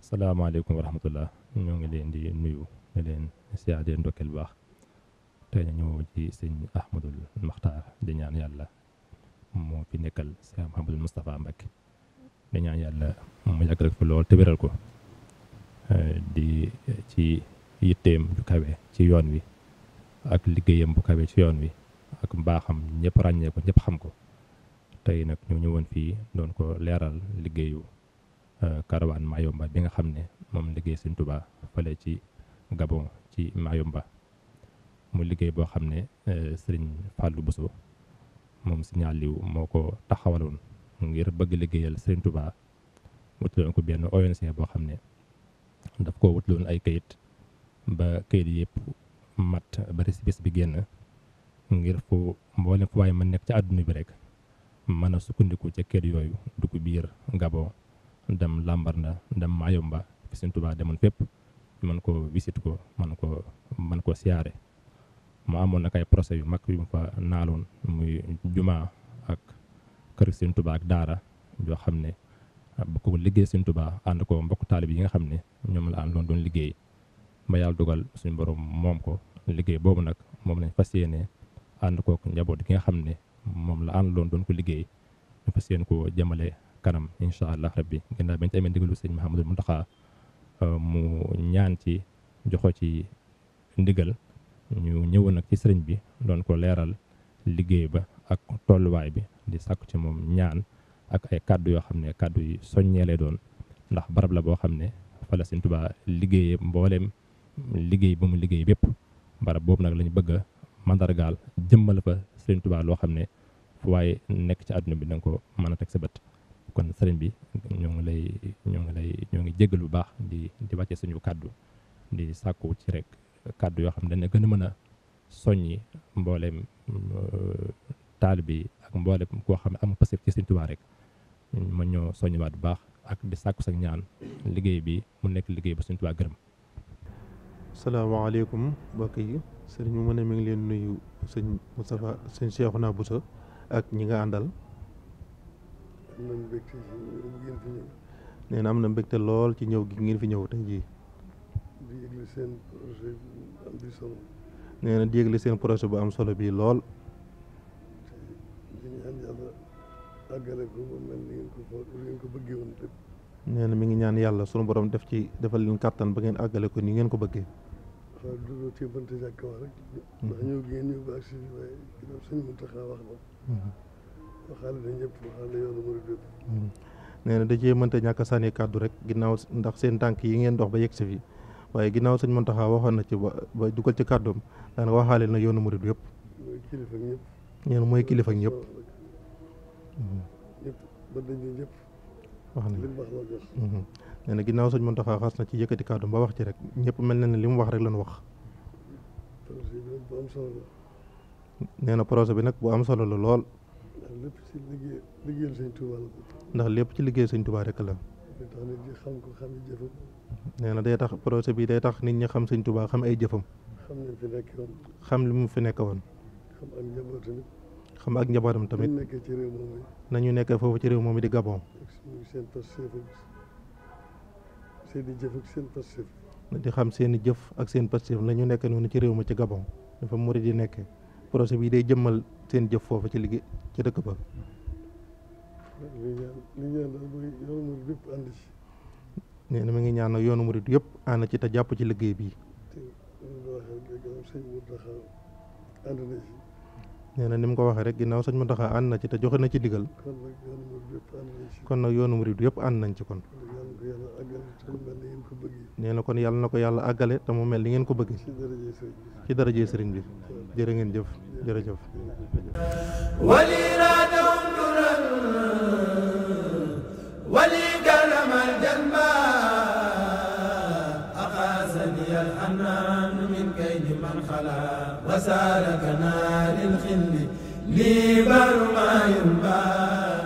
salaamaaleykum wa rahmatullah ñoo ngi leen di nuyu di leen siyaar di leen ndokkeel bu baax tey ñu ñëw ci sëñ Ahmadul Maxtaar di ñaan yàlla moo fi nekkal sëñ Ahmadul Moustapha Mbacke dañaan yàlla mu yàgg rek fi lool te ko eh, di ci yitteem ju kawe ci yoon wi ak liggéeyam bu kawe ci yoon wi ak mbaaxam ñëpp ràññee ko xam ko tey nag ñu ñëwoon fii doon ko leeral liggéeyu karawaan eh, Mayumba bi nga xam ne moom liggéey Sëñ Tuubaa fale ci Gabon ci Mayumba mu liggéey boo xam ne eh, Sëriñ Fallou Bousso moom signaliw moo ko taxawaloon ngir bëgg liggéeyal Serigne Touba wutloon ko benn ONC boo xam ne daf koo wutloon ay kayit ba kayit yëpp mat ba bis bi génn ngir fu mboole fu waaye mën nekk ci àdduna bi rek mën a sukkandiku ca kër yooyu dugg biir ngabo dem Lambaréné dem Mayumba Serigne Touba demoon fépp mën koo visite ko mën koo mën koo siyaare mu amoon na ay procès yu mag yu mu fa naaloon muy jumaa ak kër Sëñ Tuubaa ak daara yoo xam ne ah, bokk liggéey Sëñ ànd ko mbokk taalib yi nga xam ne ñoom la àndoon doon liggéey ba yàlla dugal suñu borom moom ko liggéey boobu nag moom lañ fas yéene ànd kook njaboot gi nga xam ne moom la àndoon doon ko liggéey ñu fas yéene ko jëmale kanam incha allah rabbi ginnaaw bañ ci amee ndigalu sëñ Mahamadul Muntaxa mu ah, mu ñaan ci joxo ci ndigal ñu ñëwoon nag ci sëriñ bi doon ko leeral liggéey ba ak tolluwaay bi di sàkku ci moom ñaan ak ay kàddu yoo xam ne kàddu yu soññee lay doon ndax barab la boo xam ne fa la Sëñ Tuubaa liggéeyee mbooleem liggéey ba mu liggéey bépp barab boobu nag la ñu bëgg a mandargaal jëmmal fa Sëñ Tuubaa loo xam ne fu waaye nekk ci àdduna bi da nga ko mën a teg sa bët kon sëriñ bi ñoo ngi lay ñoo ngi lay ñoo ngi jéggal bu baax di di wàcce suñu kàddu di sàkku ci rek kàddu yoo xam ne dana gën a mën a soññi mbooleem taalibe yi ak mboolem koo xam ne am pasif ci Sëriñ Tuubaa rek ma ñoo soññiwaat bu baax ak di sàkku sa ñaan liggéey bi mu nekk liggéey ba Sëriñ Tuubaa gërëm. salaamaaleykum mbokk yi sëriñ mu ne mi ngi leen nuyu sëñ Moustapha sëñ Cheikhouna Bousso ak ñi nga àndal. nee am na mbégte lool ci ñëw gi ngeen fi ñëw tey jii. na di yëgle seen projet bu am solo bii lool. ñaan na mi ngi ñaan yàlla sunu borom def ci defal leen kàttan ba ngeen àggale ni ngeen ko bëggee. waaw loolu ci bant jàkka wax da cee mënta ñàkk a sànni kàddu rek ginnaaw ndax seen tànk yi ngeen dox ba yegg si fi waaye ginnaaw sëñ Mountakha waxoon na ci ba ba dugal ci kàddoom daanaka waxaale na yoonu murid yëpp. mooy kilifa ak mooy kilifa ak ñëpp. ñëpp mën nañ ñëpp. wax mhm. nee na ginnaaw sëñ Mountakha xas na ci yëkkati kàddu ba wax ci rek ñëpp mel na ne li mu wax rek lañ wax. nee na projet bi nag bu am solo la lool. lépp ci ndax lépp ci liggéey sañ Touba rek la. nee na day tax projet bi day tax nit ñi xam sañ Touba xam ay jëfam. xam li mu fi nekk woon. xam ak njabootam tamit nañu nekk foofu ci réew moom di Gabon. di xam seen jëf ak seen passif la ñu nekk noonu ci réew ma ci Gabon mu murid di nekkee projet bi day jëmmal seen jëf foofu ci liggéey ci dëkk ba. nee na mi ngi ñaan nag yoonu murid yëpp ànd ci te jàpp ci liggéey bi. nee na ni mu ko waxee rek ginnaaw sëñ Muntaxa ànd na ci te joxe na ci digal kon nag yoonu murid yëpp ànd nañ ci kon nee na kon yàlla na ko yàlla àggale te mu mel ni ngeen ko bëgg ci darajee sëriñ bi jërë ngeen jëf jërëjëf هادي الحنان من كيد من خلا وسالك نار الخل لي بر ما ينبغي